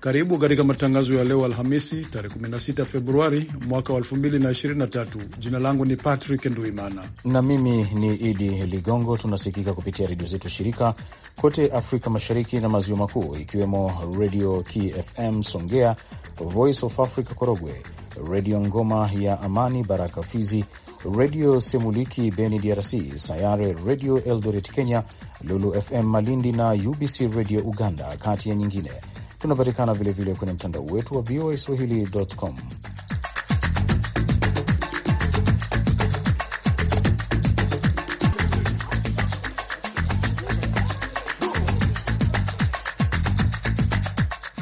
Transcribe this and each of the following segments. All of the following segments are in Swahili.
Karibu katika matangazo ya leo Alhamisi, tarehe 16 Februari mwaka wa 2023. Jina langu ni Patrick Nduimana na mimi ni Idi Ligongo. Tunasikika kupitia redio zetu shirika kote Afrika Mashariki na Maziwa Makuu, ikiwemo Redio KFM Songea, Voice of Africa Korogwe, Redio Ngoma ya Amani Baraka Fizi, Redio Semuliki Beni DRC, Sayare Redio Eldoret Kenya, Lulu FM Malindi na UBC Redio Uganda, kati ya nyingine Tunapatikana vilevile kwenye mtandao wetu wa VOA Swahili.com.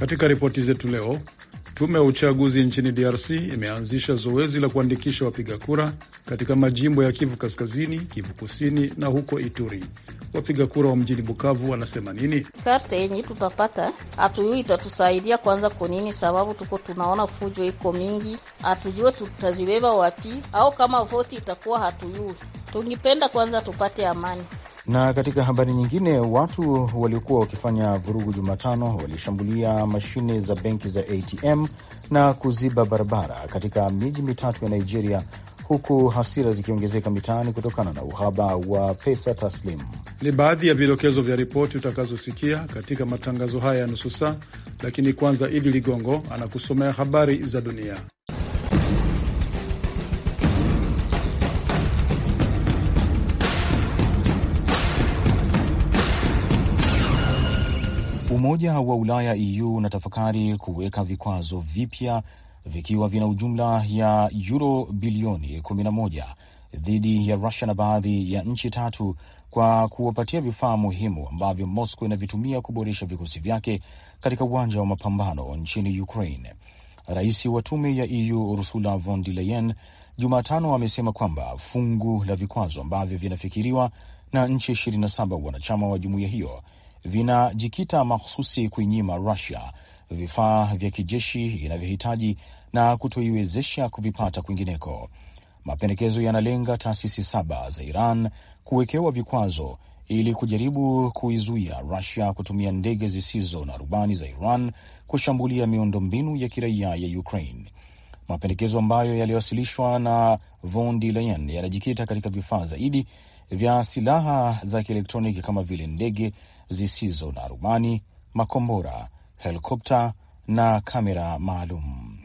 Katika ripoti zetu leo, tume ya uchaguzi nchini DRC imeanzisha zoezi la kuandikisha wapiga kura katika majimbo ya Kivu Kaskazini, Kivu Kusini na huko Ituri. Wapiga kura wa mjini Bukavu wanasema nini? Karte yenye tutapata hatujui itatusaidia kwanza konini Sababu tuko tunaona fujo iko mingi, hatujue tutazibeba wapi, au kama voti itakuwa hatujui. Tungipenda kwanza tupate amani. Na katika habari nyingine, watu waliokuwa wakifanya vurugu Jumatano walishambulia mashine za benki za ATM na kuziba barabara katika miji mitatu ya Nigeria huku hasira zikiongezeka mitaani kutokana na uhaba wa pesa taslimu. Ni baadhi ya vidokezo vya ripoti utakazosikia katika matangazo haya ya nusu saa, lakini kwanza Idi Ligongo anakusomea habari za dunia. Umoja wa Ulaya EU unatafakari kuweka vikwazo vipya vikiwa vina ujumla ya yuro bilioni 11 dhidi ya Rusia na baadhi ya nchi tatu kwa kuwapatia vifaa muhimu ambavyo Moscow inavitumia kuboresha vikosi vyake katika uwanja wa mapambano nchini Ukraine. Rais wa tume ya EU Ursula von der Leyen Jumatano amesema kwamba fungu la vikwazo ambavyo vinafikiriwa na nchi 27 wanachama wa jumuiya hiyo vinajikita mahususi kuinyima Rusia vifaa vya kijeshi inavyohitaji na kutoiwezesha kuvipata kwingineko. Mapendekezo yanalenga taasisi saba za Iran kuwekewa vikwazo ili kujaribu kuizuia Rusia kutumia ndege zisizo na rubani za Iran kushambulia miundombinu ya kiraia ya Ukraine. Mapendekezo ambayo yaliwasilishwa na von der Leyen yanajikita katika vifaa zaidi vya silaha za kielektroniki kama vile ndege zisizo na rubani, makombora, helikopta na kamera maalum.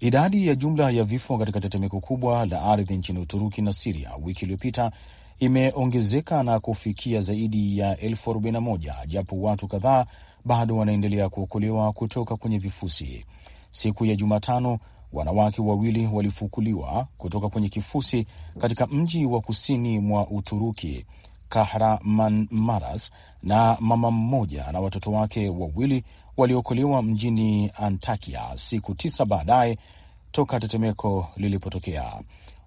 Idadi ya jumla ya vifo katika tetemeko kubwa la ardhi nchini Uturuki na Siria wiki iliyopita imeongezeka na kufikia zaidi ya elfu arobaini na moja japo watu kadhaa bado wanaendelea kuokolewa kutoka kwenye vifusi. Siku ya Jumatano, wanawake wawili walifukuliwa kutoka kwenye kifusi katika mji wa kusini mwa Uturuki Kahramanmaras, na mama mmoja na watoto wake wawili waliokolewa mjini Antakya siku tisa baadaye toka tetemeko lilipotokea.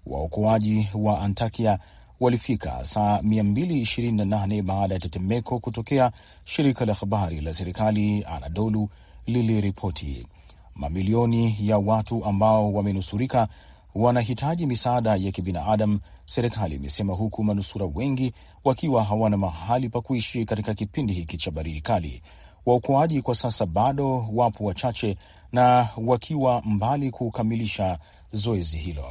Waokoaji wa Antakya walifika saa 228 baada ya tetemeko kutokea, shirika la habari la serikali Anadolu liliripoti. Mamilioni ya watu ambao wamenusurika wanahitaji misaada ya kibinadamu, serikali imesema, huku manusura wengi wakiwa hawana mahali pa kuishi katika kipindi hiki cha baridi kali. Waokoaji kwa sasa bado wapo wachache na wakiwa mbali kukamilisha zoezi hilo.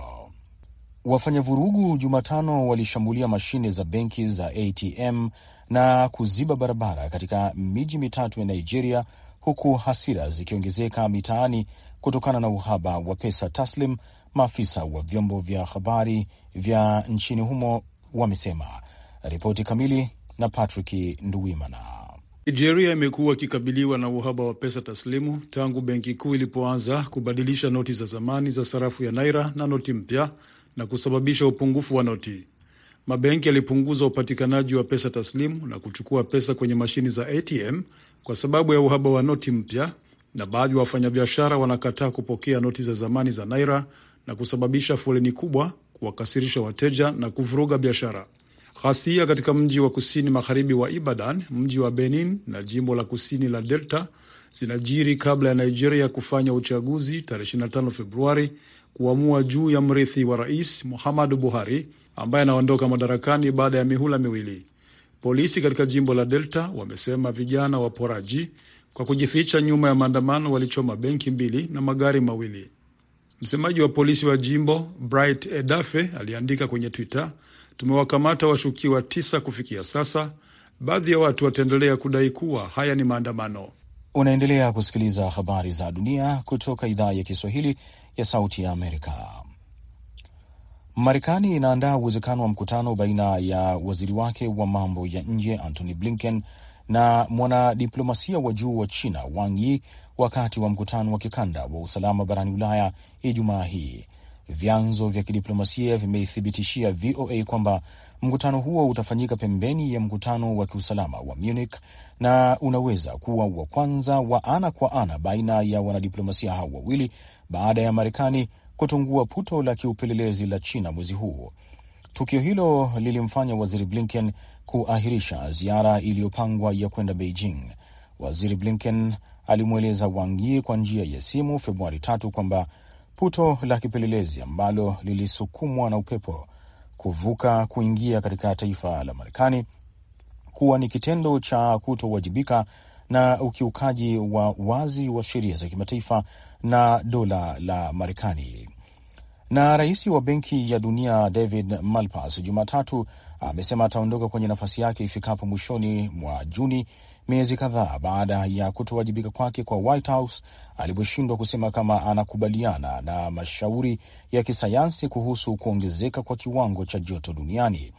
Wafanya vurugu Jumatano walishambulia mashine za benki za ATM na kuziba barabara katika miji mitatu ya Nigeria, huku hasira zikiongezeka mitaani kutokana na uhaba wa pesa taslim. Maafisa wa vyombo vya habari vya nchini humo wamesema. Ripoti kamili na Patrick Nduwimana. Nigeria imekuwa ikikabiliwa na uhaba wa pesa taslimu tangu benki kuu ilipoanza kubadilisha noti za zamani za sarafu ya naira na noti mpya na kusababisha upungufu wa noti. Mabenki yalipunguza upatikanaji wa pesa taslimu na kuchukua pesa kwenye mashini za ATM kwa sababu ya uhaba wa noti mpya, na baadhi ya wafanyabiashara wanakataa kupokea noti za zamani za naira na kusababisha foleni kubwa, kuwakasirisha wateja na kuvuruga biashara. Ghasia katika mji wa kusini magharibi wa Ibadan, mji wa Benin na jimbo la kusini la Delta zinajiri kabla ya Nigeria kufanya uchaguzi tarehe 25 Februari kuamua juu ya mrithi wa rais Muhammadu Buhari ambaye anaondoka madarakani baada ya mihula miwili. Polisi katika jimbo la Delta wamesema vijana waporaji kwa kujificha nyuma ya maandamano walichoma benki mbili na magari mawili. Msemaji wa polisi wa jimbo Bright Edafe aliandika kwenye Twitter Tumewakamata washukiwa tisa kufikia sasa. Baadhi ya watu wataendelea kudai kuwa haya ni maandamano. Unaendelea kusikiliza habari za dunia kutoka idhaa ya Kiswahili ya Sauti ya Amerika. Marekani inaandaa uwezekano wa mkutano baina ya waziri wake wa mambo ya nje Antony Blinken na mwanadiplomasia wa juu wa China Wang Yi wakati wa mkutano wa kikanda wa usalama barani Ulaya Ijumaa hii. Vyanzo vya kidiplomasia vimeithibitishia VOA kwamba mkutano huo utafanyika pembeni ya mkutano wa kiusalama wa Munich na unaweza kuwa wa kwanza wa ana kwa ana baina ya wanadiplomasia hao wawili baada ya Marekani kutungua puto la kiupelelezi la China mwezi huu. Tukio hilo lilimfanya Waziri Blinken kuahirisha ziara iliyopangwa ya kwenda Beijing. Waziri Blinken alimweleza Wang Yi kwa njia ya simu Februari tatu kwamba puto la kipelelezi ambalo lilisukumwa na upepo kuvuka kuingia katika taifa la Marekani kuwa ni kitendo cha kutowajibika na ukiukaji wa wazi wa sheria za kimataifa na dola la Marekani. Na rais wa Benki ya Dunia David Malpass Jumatatu amesema ataondoka kwenye nafasi yake ifikapo mwishoni mwa Juni miezi kadhaa baada ya kutowajibika kwake kwa White House aliposhindwa kusema kama anakubaliana na mashauri ya kisayansi kuhusu kuongezeka kwa kiwango cha joto duniani.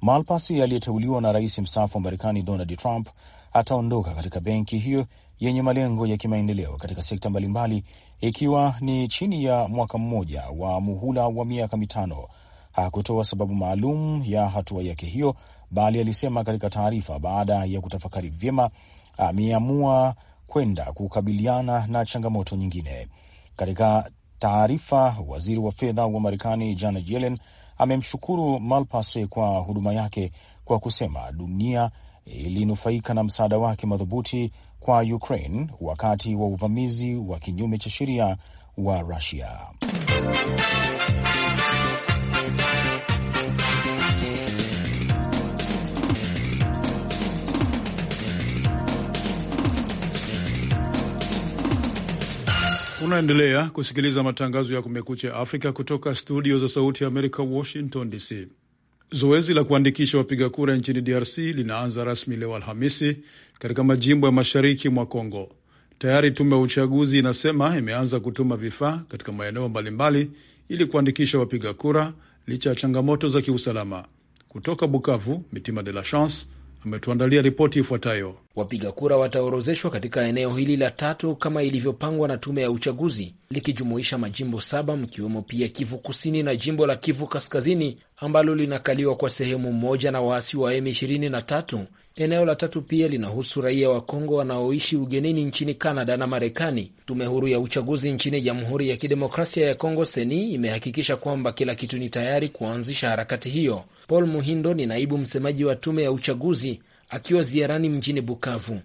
Malpasi aliyeteuliwa na rais mstaafu wa Marekani Donald Trump ataondoka katika benki hiyo yenye malengo ya kimaendeleo katika sekta mbalimbali, ikiwa ni chini ya mwaka mmoja wa muhula wa miaka mitano. Hakutoa sababu maalum ya hatua yake hiyo, bali alisema katika taarifa, baada ya kutafakari vyema, ameamua kwenda kukabiliana na changamoto nyingine. Katika taarifa, waziri wa fedha wa Marekani Janet Yellen amemshukuru malpase kwa huduma yake kwa kusema dunia ilinufaika na msaada wake madhubuti kwa Ukraine wakati wa uvamizi wa kinyume cha sheria wa Rusia. Unaendelea kusikiliza matangazo ya Kumekucha Afrika kutoka studio za Sauti ya Amerika, Washington DC. Zoezi la kuandikisha wapiga kura nchini DRC linaanza rasmi leo Alhamisi katika majimbo ya mashariki mwa congo Tayari tume ya uchaguzi inasema imeanza kutuma vifaa katika maeneo mbalimbali ili kuandikisha wapiga kura licha ya changamoto za kiusalama. Kutoka Bukavu, Mitima de la Chance ametuandalia ripoti ifuatayo. Wapiga kura wataorozeshwa katika eneo hili la tatu kama ilivyopangwa na tume ya uchaguzi, likijumuisha majimbo saba mkiwemo pia Kivu Kusini na jimbo la Kivu Kaskazini ambalo linakaliwa kwa sehemu moja na waasi wa M23 Eneo la tatu pia linahusu raia wa Kongo wanaoishi ugenini nchini canada na Marekani. Tume huru ya uchaguzi nchini Jamhuri ya Kidemokrasia ya Kongo, Seni, imehakikisha kwamba kila kitu ni tayari kuanzisha harakati hiyo. Paul Muhindo ni naibu msemaji wa tume ya uchaguzi akiwa ziarani mjini Bukavu.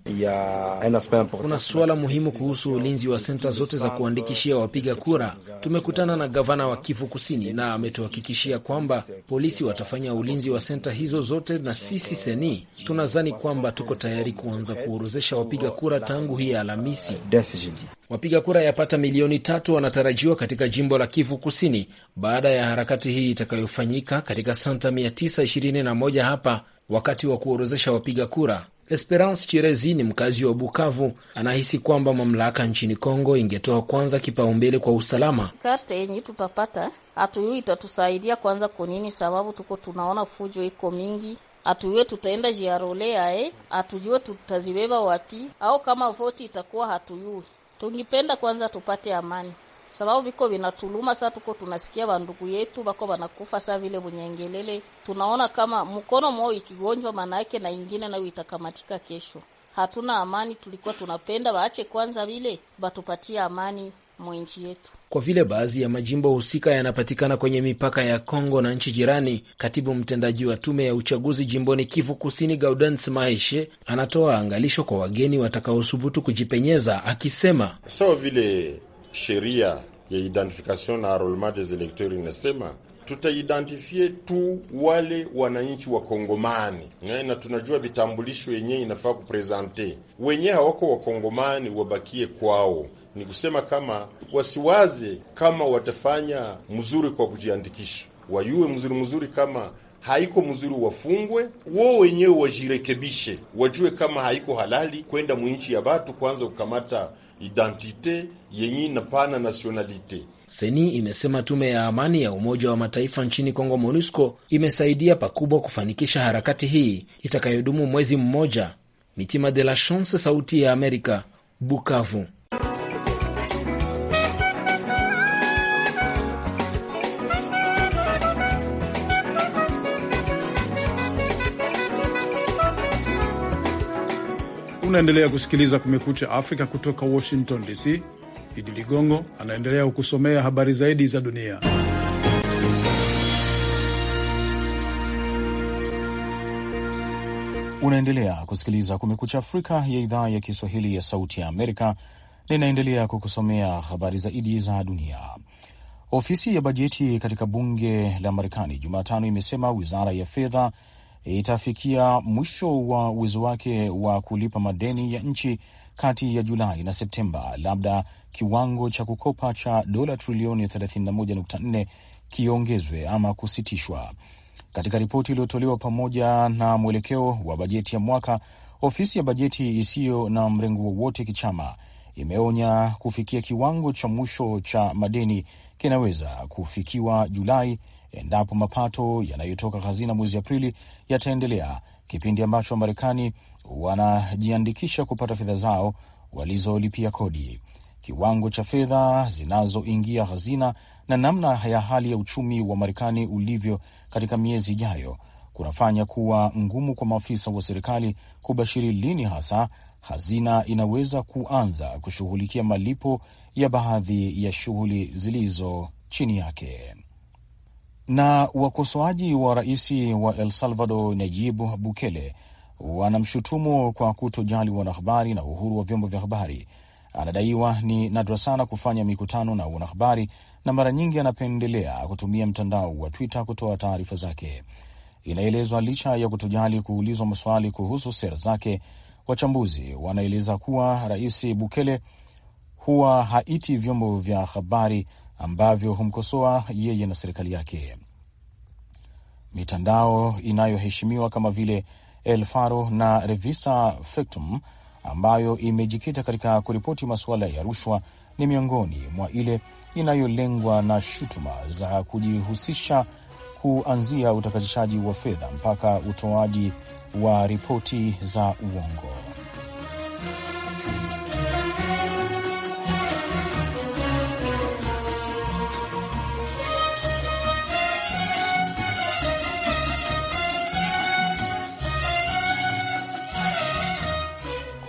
Kuna suala muhimu kuhusu ulinzi wa senta zote za kuandikishia wapiga kura. Tumekutana na gavana wa Kivu Kusini na ametuhakikishia kwamba polisi watafanya ulinzi wa senta hizo zote, na sisi seni tunazani kwamba tuko tayari kuanza kuorozesha wapiga kura tangu hii Alhamisi. Wapiga kura yapata milioni tatu wanatarajiwa katika jimbo la Kivu Kusini baada ya harakati hii itakayofanyika katika senta 921 hapa Wakati wa kuorozesha wapiga kura, Esperance Chirezi ni mkazi wa Bukavu, anahisi kwamba mamlaka nchini Kongo ingetoa kwanza kipaumbele kwa usalama. Karte yenye tutapata hatuyui itatusaidia kwanza kunini, Sababu tuko tunaona fujo iko mingi hatujue tutaenda jiarolea eh, hatujue tutazibeba wapi, au kama voti itakuwa hatuyui. Tungipenda kwanza tupate amani sababu biko vinatuluma saa tuko tunasikia wandugu yetu bako wanakufa saa vile bunyengelele, tunaona kama mkono mwao ikigonjwa maana yake na ingine nayo itakamatika kesho. Hatuna amani, tulikuwa tunapenda waache kwanza vile batupatie amani mwenchi yetu. Kwa vile baadhi ya majimbo husika yanapatikana kwenye mipaka ya Kongo na nchi jirani, katibu mtendaji wa tume ya uchaguzi jimboni Kivu Kusini, Gaudens Maeshe, anatoa angalisho kwa wageni watakaothubutu kujipenyeza, akisema so vile sheria ya identification na enrollment des electeurs inasema tutaidentifie tu wale wananchi wa Kongomani na tunajua vitambulisho yenyewe inafaa kupresente Wenyewe hawako Wakongomani, wabakie kwao. Ni kusema kama wasiwaze kama watafanya mzuri kwa kujiandikisha, wayue mzuri mzuri, kama haiko mzuri wafungwe, woo wenyewe wajirekebishe, wajue kama haiko halali kwenda mwinchi ya batu, kwanza kukamata identite yenye inapana nationalite. Seni imesema tume ya amani ya Umoja wa Mataifa nchini Kongo, MONUSCO, imesaidia pakubwa kufanikisha harakati hii itakayodumu mwezi mmoja. Mitima de la Chance, Sauti ya Amerika, Bukavu. Unaendelea kusikiliza Kumekucha Afrika kutoka Washington DC. Idi Ligongo anaendelea kukusomea habari zaidi za dunia. Unaendelea kusikiliza Kumekucha Afrika ya idhaa ya Kiswahili ya Sauti ya Amerika, na inaendelea kukusomea habari zaidi za dunia. Ofisi ya bajeti katika bunge la Marekani Jumatano imesema wizara ya fedha itafikia mwisho wa uwezo wake wa kulipa madeni ya nchi kati ya Julai na Septemba, labda kiwango cha kukopa cha dola trilioni 31.4 kiongezwe ama kusitishwa. Katika ripoti iliyotolewa pamoja na mwelekeo wa bajeti ya mwaka, ofisi ya bajeti isiyo na mrengo wowote kichama imeonya kufikia kiwango cha mwisho cha madeni kinaweza kufikiwa Julai endapo mapato yanayotoka hazina mwezi Aprili yataendelea, kipindi ambacho Wamarekani wanajiandikisha kupata fedha zao walizolipia kodi. Kiwango cha fedha zinazoingia hazina na namna ya hali ya uchumi wa Marekani ulivyo katika miezi ijayo kunafanya kuwa ngumu kwa maafisa wa serikali kubashiri lini hasa hazina inaweza kuanza kushughulikia malipo ya baadhi ya shughuli zilizo chini yake na wakosoaji wa rais wa El Salvador Nayib Bukele wanamshutumu kwa kutojali wanahabari na uhuru wa vyombo vya habari. Anadaiwa ni nadra sana kufanya mikutano na wanahabari na mara nyingi anapendelea kutumia mtandao wa Twitter kutoa taarifa zake. Inaelezwa licha ya kutojali kuulizwa maswali kuhusu sera zake, wachambuzi wanaeleza kuwa rais Bukele huwa haiti vyombo vya habari ambavyo humkosoa yeye na serikali yake. Mitandao inayoheshimiwa kama vile El Faro na Revista fectum ambayo imejikita katika kuripoti masuala ya rushwa ni miongoni mwa ile inayolengwa na shutuma za kujihusisha kuanzia utakatishaji wa fedha mpaka utoaji wa ripoti za uongo.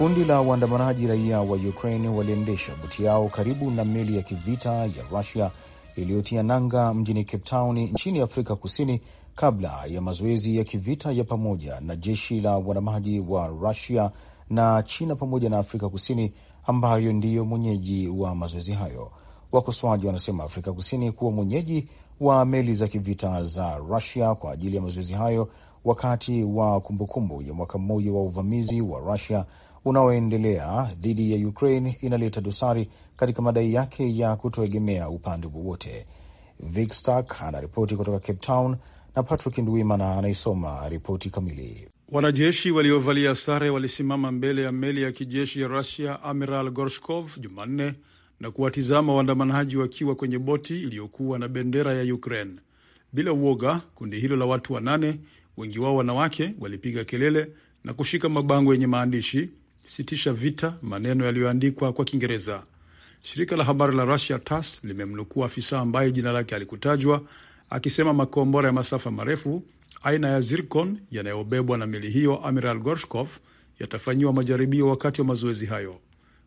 Kundi la waandamanaji raia wa Ukraine waliendesha boti yao karibu na meli ya kivita ya Rusia iliyotia nanga mjini Cape Town nchini Afrika Kusini kabla ya mazoezi ya kivita ya pamoja na jeshi la wanamaji wa Rusia na China pamoja na Afrika Kusini ambayo ndiyo mwenyeji wa mazoezi hayo. Wakosoaji wanasema Afrika Kusini kuwa mwenyeji wa meli za kivita za Rusia kwa ajili ya mazoezi hayo wakati wa kumbukumbu ya mwaka mmoja wa uvamizi wa Rusia unaoendelea dhidi ya Ukraine inaleta dosari katika madai yake ya kutoegemea upande wowote. Vic Stark anaripoti kutoka Cape Town na Patrick Ndwimana anaisoma ripoti kamili. Wanajeshi waliovalia sare walisimama mbele ya meli ya kijeshi ya Rusia Amiral Gorshkov Jumanne na kuwatizama waandamanaji wakiwa kwenye boti iliyokuwa na bendera ya Ukraine. Bila uoga, kundi hilo la watu wanane, wengi wao wanawake, walipiga kelele na kushika mabango yenye maandishi sitisha vita, maneno yaliyoandikwa kwa Kiingereza. Shirika la habari la Russia TASS limemnukuu afisa ambaye jina lake alikutajwa akisema makombora ya masafa marefu aina ya Zircon yanayobebwa na meli hiyo Amiral Gorshkov yatafanyiwa majaribio wakati wa mazoezi hayo.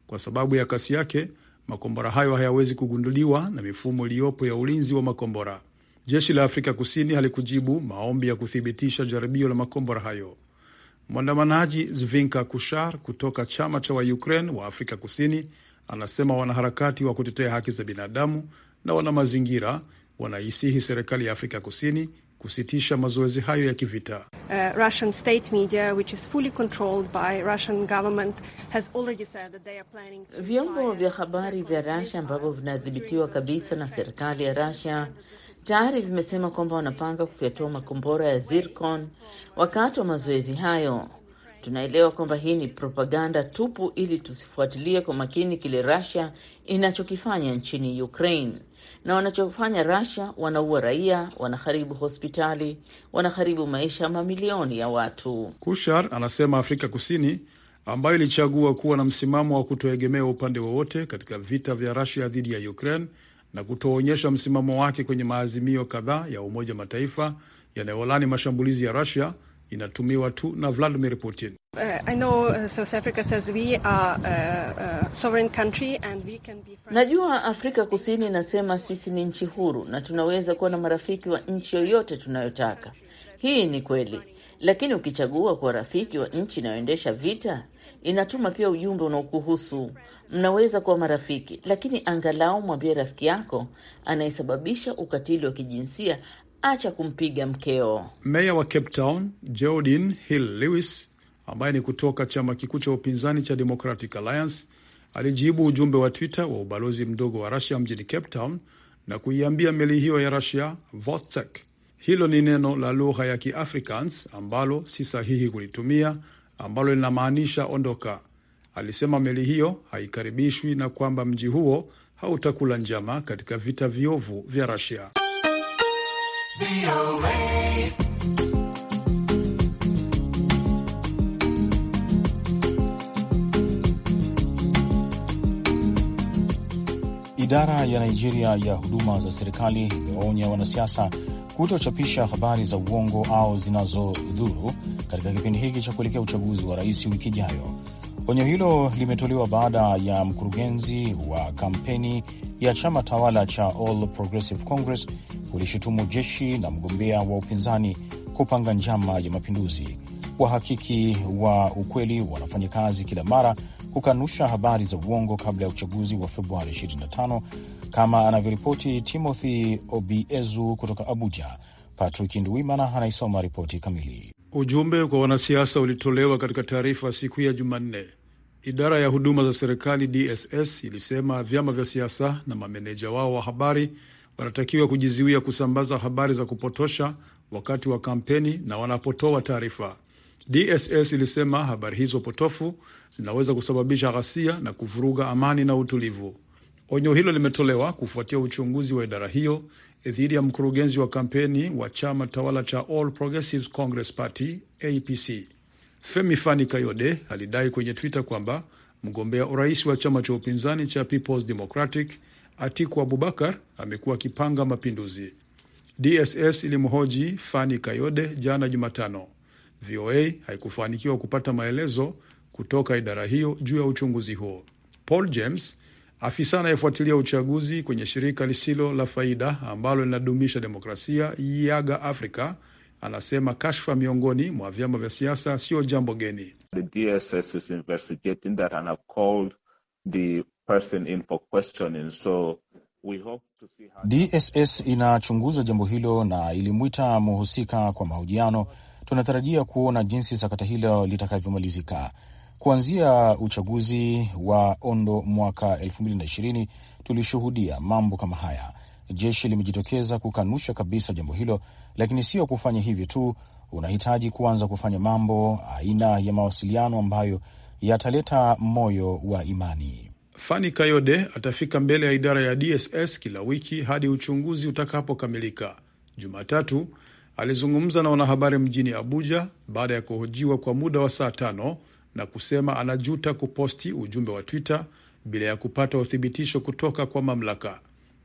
Kwa sababu ya kasi yake, makombora hayo hayawezi kugunduliwa na mifumo iliyopo ya ulinzi wa makombora. Jeshi la Afrika Kusini halikujibu maombi ya kuthibitisha jaribio la makombora hayo. Mwandamanaji Zvinka Kushar kutoka chama cha Waukraine wa Afrika Kusini anasema wanaharakati wa kutetea haki za binadamu na wana mazingira wanaisihi serikali ya Afrika Kusini kusitisha mazoezi hayo ya kivita. Uh, Vyombo vya habari vya Russia ambavyo vinadhibitiwa kabisa na serikali ya Russia tayari vimesema kwamba wanapanga kufyatua makombora ya Zircon wakati wa mazoezi hayo. Tunaelewa kwamba hii ni propaganda tupu ili tusifuatilie kwa makini kile Russia inachokifanya nchini Ukraine. Na wanachofanya Russia, wanaua raia, wanaharibu hospitali, wanaharibu maisha mamilioni ya watu. Kushar anasema Afrika Kusini ambayo ilichagua kuwa na msimamo wa kutoegemea upande wowote katika vita vya Russia dhidi ya Ukraine na kutoonyesha msimamo wake kwenye maazimio kadhaa ya Umoja Mataifa yanayolani mashambulizi ya rusia inatumiwa tu na Vladimir Putin. Uh, uh, uh, Najua Afrika Kusini inasema sisi ni nchi huru na tunaweza kuwa na marafiki wa nchi yoyote tunayotaka. Hii ni kweli, lakini ukichagua kuwa rafiki wa nchi inayoendesha vita, inatuma pia ujumbe unaokuhusu. Mnaweza kuwa marafiki, lakini angalau mwambie rafiki yako anayesababisha ukatili wa kijinsia acha kumpiga mkeo. Meya wa Cape Town Geraldine Hill Lewis, ambaye ni kutoka chama kikuu cha upinzani cha Democratic Alliance, alijibu ujumbe wa Twitter wa ubalozi mdogo wa Russia mjini Cape Town na kuiambia meli hiyo ya Russia Vostok hilo ni neno la lugha ya Kiafrikaans ambalo si sahihi kulitumia, ambalo linamaanisha ondoka. Alisema meli hiyo haikaribishwi na kwamba mji huo hautakula njama katika vita viovu vya Russia. Idara ya Nigeria ya huduma za serikali imewaonya wanasiasa kutochapisha habari za uongo au zinazodhuru katika kipindi hiki cha kuelekea uchaguzi wa rais wiki ijayo. Onyo hilo limetolewa baada ya mkurugenzi wa kampeni ya chama tawala cha All Progressive Congress kulishutumu jeshi na mgombea wa upinzani kupanga njama ya mapinduzi. Wahakiki wa ukweli wanafanya kazi kila mara kukanusha habari za uongo kabla ya uchaguzi wa Februari kama anavyoripoti Timothy Obiezu kutoka Abuja. Patrick Nduwimana anaisoma ripoti kamili. Ujumbe kwa wanasiasa ulitolewa katika taarifa siku ya Jumanne. Idara ya huduma za serikali DSS ilisema vyama vya siasa na mameneja wao wa habari wanatakiwa kujizuia kusambaza habari za kupotosha wakati wa kampeni na wanapotoa taarifa. DSS ilisema habari hizo potofu zinaweza kusababisha ghasia na kuvuruga amani na utulivu. Onyo hilo limetolewa kufuatia uchunguzi wa idara hiyo eh, dhidi ya mkurugenzi wa kampeni wa chama tawala cha All Progressives Congress Party APC. Femi Fani Kayode alidai kwenye Twitter kwamba mgombea urais wa chama cha upinzani cha Peoples Democratic Atiku Abubakar amekuwa akipanga mapinduzi. DSS ilimhoji Fani Kayode jana Jumatano. VOA haikufanikiwa kupata maelezo kutoka idara hiyo juu ya uchunguzi huo. Paul James Afisa anayefuatilia uchaguzi kwenye shirika lisilo la faida ambalo linadumisha demokrasia Yaga Africa anasema kashfa miongoni mwa vyama vya siasa sio jambo geni. DSS inachunguza jambo hilo na ilimwita muhusika kwa mahojiano. Tunatarajia kuona jinsi sakata hilo litakavyomalizika. Kuanzia uchaguzi wa Ondo mwaka elfu tulishuhudia mambo kama haya. Jeshi limejitokeza kukanusha kabisa jambo hilo, lakini sio kufanya hivyo tu, unahitaji kuanza kufanya mambo aina ya mawasiliano ambayo yataleta moyo wa imani. Fani Kayode atafika mbele ya idara ya DSS kila wiki hadi uchunguzi utakapokamilika. Jumatatu alizungumza na wanahabari mjini Abuja baada ya kuhojiwa kwa muda wa saa tano na kusema anajuta kuposti ujumbe wa Twitter bila ya kupata uthibitisho kutoka kwa mamlaka.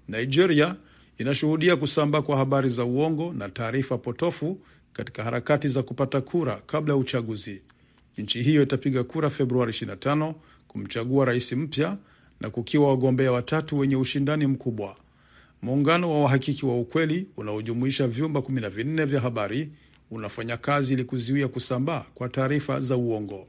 Nigeria inashuhudia kusambaa kwa habari za uongo na taarifa potofu katika harakati za kupata kura kabla ya uchaguzi. Nchi hiyo itapiga kura Februari 25 kumchagua rais mpya na kukiwa wagombea watatu wenye ushindani mkubwa. Muungano wa wahakiki wa ukweli unaojumuisha vyumba 14 vya habari unafanya kazi ili kuzuia kusambaa kwa taarifa za uongo.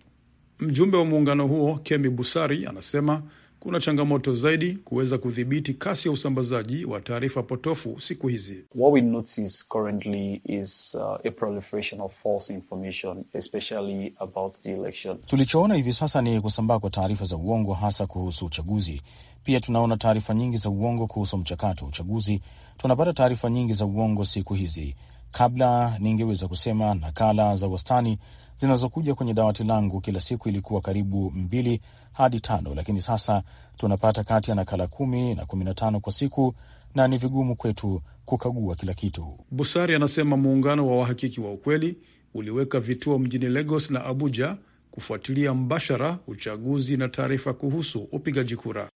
Mjumbe wa muungano huo Kemi Busari anasema kuna changamoto zaidi kuweza kudhibiti kasi ya usambazaji wa taarifa potofu siku hizi. What we notice currently is uh, a proliferation of false information especially about the election. Tulichoona hivi sasa ni kusambaa kwa taarifa za uongo hasa kuhusu uchaguzi. Pia tunaona taarifa nyingi za uongo kuhusu mchakato wa uchaguzi. Tunapata taarifa nyingi za uongo siku hizi. Kabla ningeweza kusema nakala za wastani zinazokuja kwenye dawati langu kila siku ilikuwa karibu mbili hadi tano, lakini sasa tunapata kati ya nakala kumi na kumi na tano kwa siku na ni vigumu kwetu kukagua kila kitu. Busari anasema muungano wa wahakiki wa ukweli uliweka vituo mjini Lagos na Abuja kufuatilia mbashara uchaguzi na taarifa kuhusu upigaji kura.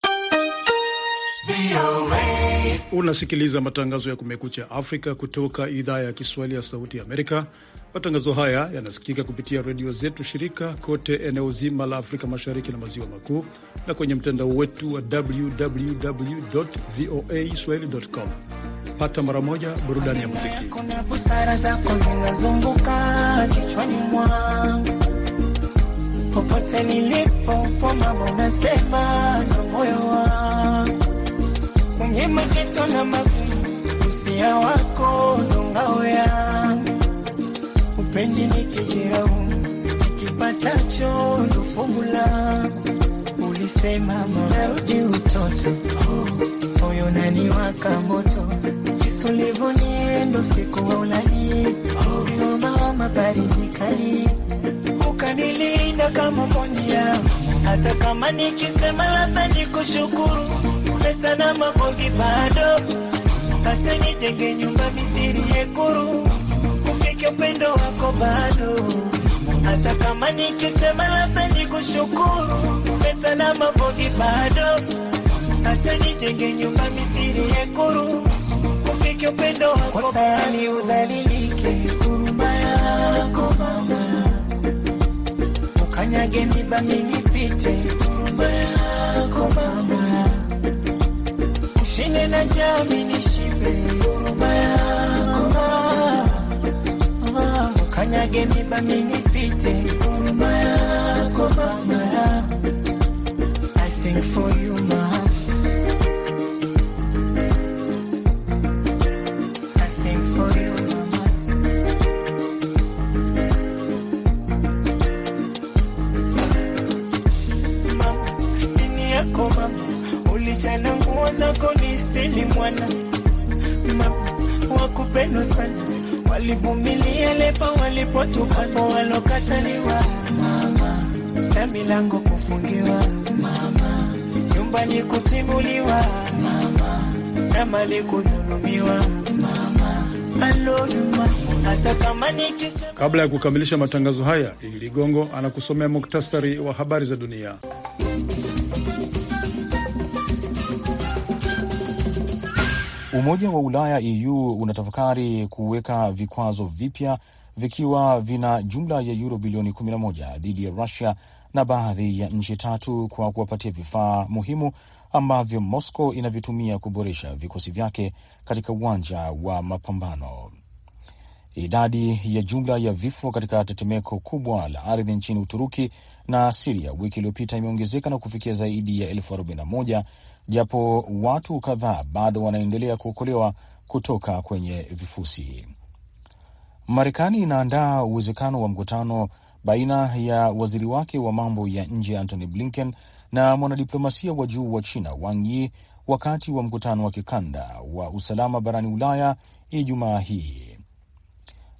Unasikiliza matangazo ya Kumekucha Afrika kutoka idhaa ya Kiswahili ya Sauti ya Amerika. Matangazo haya yanasikika kupitia redio zetu shirika kote eneo zima la Afrika Mashariki na Maziwa Makuu, na kwenye mtandao wetu wa www voa swahili.com. Pata mara moja burudani ya muziki. popote nilipo, mambo nasema na moyo wangu kwenye mazito na magumu, usia wako ndo ngao yangu, upendi nikijiraumu, nikipatacho ndo fungu langu. Ulisema marudi utoto, moyo unaniwaka moto, jinsi ulivyoniendo siku wa ulali iomama baridi kali, ukanilinda kama monia, hata kama nikisema labda nikushukuru pesa na mabogi bado, hata nijenge nyumba mithiri yekuru, ufike upendo wako bado, hata kama nikisema labda nikushukuru, pesa na mabogi bado, hata nijenge nyumba mithiri yekuru, ufike upendo wako bado, udhalilike huruma yako mama, ukanyage miba minipite huruma yako mama Nene na jami nishipe huruma yako, ukanyage miba minipite huruma yako mama. I sing for you, ma upendo sana, walivumilia lepa walipotukapo, walokataliwa mama, na milango kufungiwa mama, nyumbani kutimuliwa mama, na mali kudhulumiwa mama. Kabla ya kukamilisha matangazo haya, Ili Ligongo anakusomea muktasari wa habari za dunia. Umoja wa Ulaya EU unatafakari kuweka vikwazo vipya vikiwa vina jumla ya yuro bilioni 11 dhidi ya Rusia na baadhi ya nchi tatu kwa kuwapatia vifaa muhimu ambavyo Moscow inavitumia kuboresha vikosi vyake katika uwanja wa mapambano. Idadi ya jumla ya vifo katika tetemeko kubwa la ardhi nchini Uturuki na Siria wiki iliyopita imeongezeka na kufikia zaidi ya elfu arobaini na moja japo watu kadhaa bado wanaendelea kuokolewa kutoka kwenye vifusi. Marekani inaandaa uwezekano wa mkutano baina ya waziri wake wa mambo ya nje Antony Blinken na mwanadiplomasia wa juu wa China Wang Yi wakati wa mkutano wa kikanda wa usalama barani Ulaya Ijumaa hii.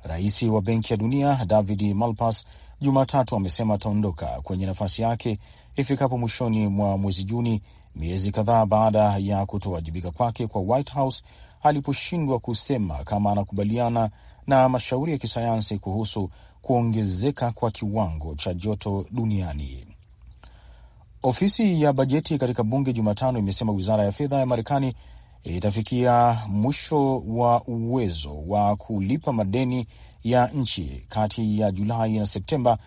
Rais wa Benki ya Dunia David Malpass Jumatatu amesema ataondoka kwenye nafasi yake ifikapo mwishoni mwa mwezi Juni miezi kadhaa baada ya kutowajibika kwake kwa White House aliposhindwa kusema kama anakubaliana na mashauri ya kisayansi kuhusu kuongezeka kwa kiwango cha joto duniani. Ofisi ya bajeti katika bunge Jumatano imesema wizara ya fedha ya Marekani itafikia mwisho wa uwezo wa kulipa madeni ya nchi kati ya Julai na Septemba,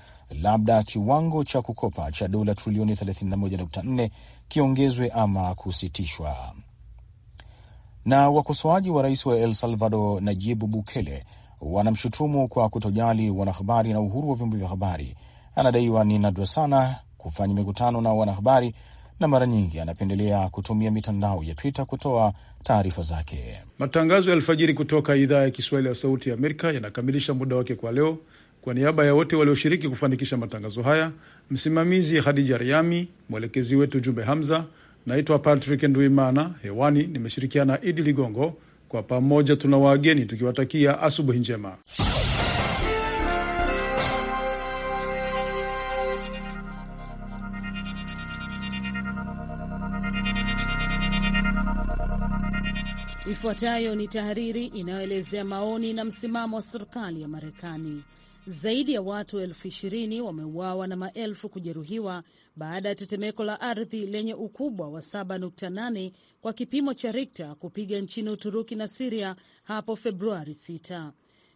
labda kiwango cha kukopa cha dola trilioni 31.4 kiongezwe ama kusitishwa. Na wakosoaji wa rais wa El Salvador Najib Bukele wanamshutumu kwa kutojali wanahabari na uhuru wa vyombo vya habari. Anadaiwa ni nadra sana kufanya mikutano na wanahabari na mara nyingi anapendelea kutumia mitandao ya Twitter kutoa taarifa zake. Matangazo ya alfajiri kutoka idhaa ya Kiswahili ya Sauti ya Amerika yanakamilisha muda wake kwa leo. Kwa niaba ya wote walioshiriki kufanikisha matangazo haya, msimamizi Khadija Riami, mwelekezi wetu Jumbe Hamza. Naitwa Patrick nduimana hewani nimeshirikiana na Idi Ligongo. Kwa pamoja tuna wageni tukiwatakia asubuhi njema. Ifuatayo ni tahariri inayoelezea maoni na msimamo wa serikali ya Marekani. Zaidi ya watu elfu ishirini wameuawa na maelfu kujeruhiwa baada ya tetemeko la ardhi lenye ukubwa wa 7.8 kwa kipimo cha rikta kupiga nchini Uturuki na Siria hapo Februari 6.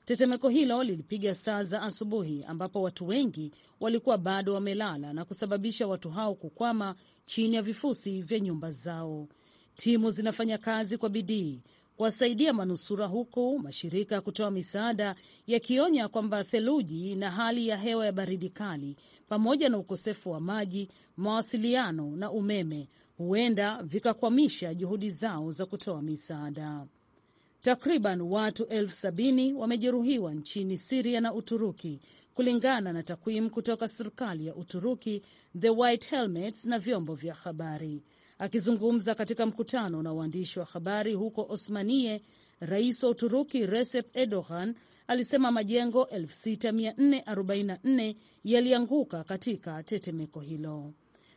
Tetemeko hilo lilipiga saa za asubuhi, ambapo watu wengi walikuwa bado wamelala na kusababisha watu hao kukwama chini ya vifusi vya nyumba zao. Timu zinafanya kazi kwa bidii kuwasaidia manusura, huku mashirika ya kutoa misaada yakionya kwamba theluji na hali ya hewa ya baridi kali pamoja na ukosefu wa maji, mawasiliano na umeme huenda vikakwamisha juhudi zao za kutoa misaada. Takriban watu elfu sabini wamejeruhiwa nchini Siria na Uturuki kulingana na takwimu kutoka serikali ya Uturuki, The White Helmets na vyombo vya habari. Akizungumza katika mkutano na waandishi wa habari huko Osmanie, rais wa Uturuki Recep Erdogan alisema majengo 6444 yalianguka katika tetemeko hilo.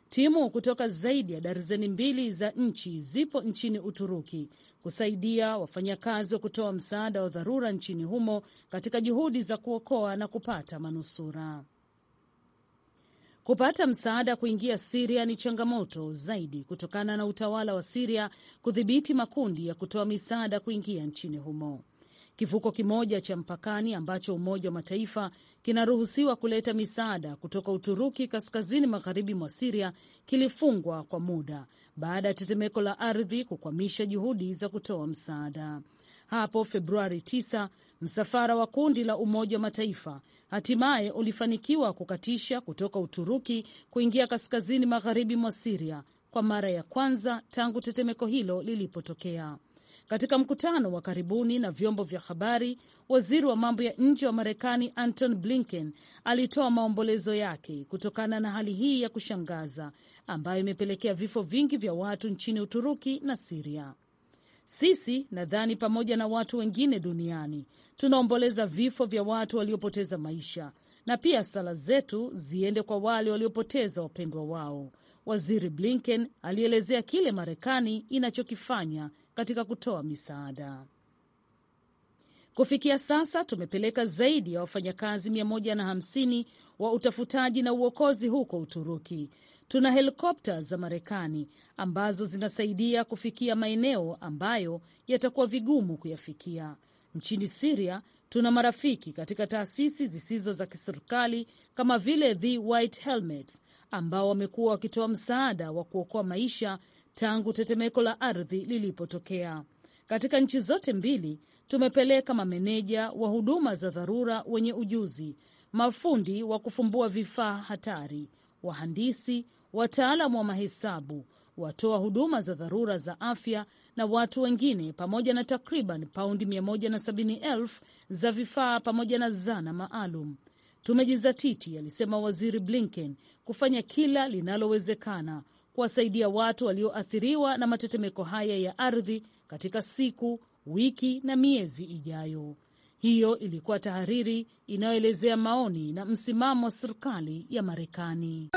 Timu kutoka zaidi ya darzeni mbili za nchi zipo nchini Uturuki kusaidia wafanyakazi wa kutoa msaada wa dharura nchini humo katika juhudi za kuokoa na kupata manusura. Kupata msaada kuingia Siria ni changamoto zaidi kutokana na utawala wa Siria kudhibiti makundi ya kutoa misaada kuingia nchini humo. Kivuko kimoja cha mpakani ambacho Umoja wa Mataifa kinaruhusiwa kuleta misaada kutoka Uturuki kaskazini magharibi mwa Siria kilifungwa kwa muda baada ya tetemeko la ardhi kukwamisha juhudi za kutoa msaada. Hapo Februari 9 Msafara wa kundi la Umoja wa Mataifa hatimaye ulifanikiwa kukatisha kutoka Uturuki kuingia kaskazini magharibi mwa Siria kwa mara ya kwanza tangu tetemeko hilo lilipotokea. Katika mkutano wa karibuni na vyombo vya habari, waziri wa mambo ya nje wa Marekani Anton Blinken alitoa maombolezo yake kutokana na hali hii ya kushangaza ambayo imepelekea vifo vingi vya watu nchini Uturuki na Siria. Sisi nadhani, pamoja na watu wengine duniani, Tunaomboleza vifo vya watu waliopoteza maisha, na pia sala zetu ziende kwa wale waliopoteza wapendwa wao. Waziri Blinken alielezea kile Marekani inachokifanya katika kutoa misaada. Kufikia sasa tumepeleka zaidi ya wafanyakazi 150 wa utafutaji na uokozi huko Uturuki. Tuna helikopta za Marekani ambazo zinasaidia kufikia maeneo ambayo yatakuwa vigumu kuyafikia. Nchini Siria tuna marafiki katika taasisi zisizo za kiserikali kama vile The White Helmets ambao wamekuwa wakitoa msaada wa kuokoa maisha tangu tetemeko la ardhi lilipotokea. Katika nchi zote mbili tumepeleka mameneja wa huduma za dharura wenye ujuzi, mafundi wa kufumbua vifaa hatari, wahandisi, wataalamu wa mahesabu, watoa huduma za dharura za afya na watu wengine pamoja na takriban paundi 170,000 za vifaa pamoja na zana maalum. Tumejizatiti, alisema Waziri Blinken, kufanya kila linalowezekana kuwasaidia watu walioathiriwa na matetemeko haya ya ardhi katika siku, wiki na miezi ijayo. Hiyo ilikuwa tahariri inayoelezea maoni na msimamo wa serikali ya Marekani.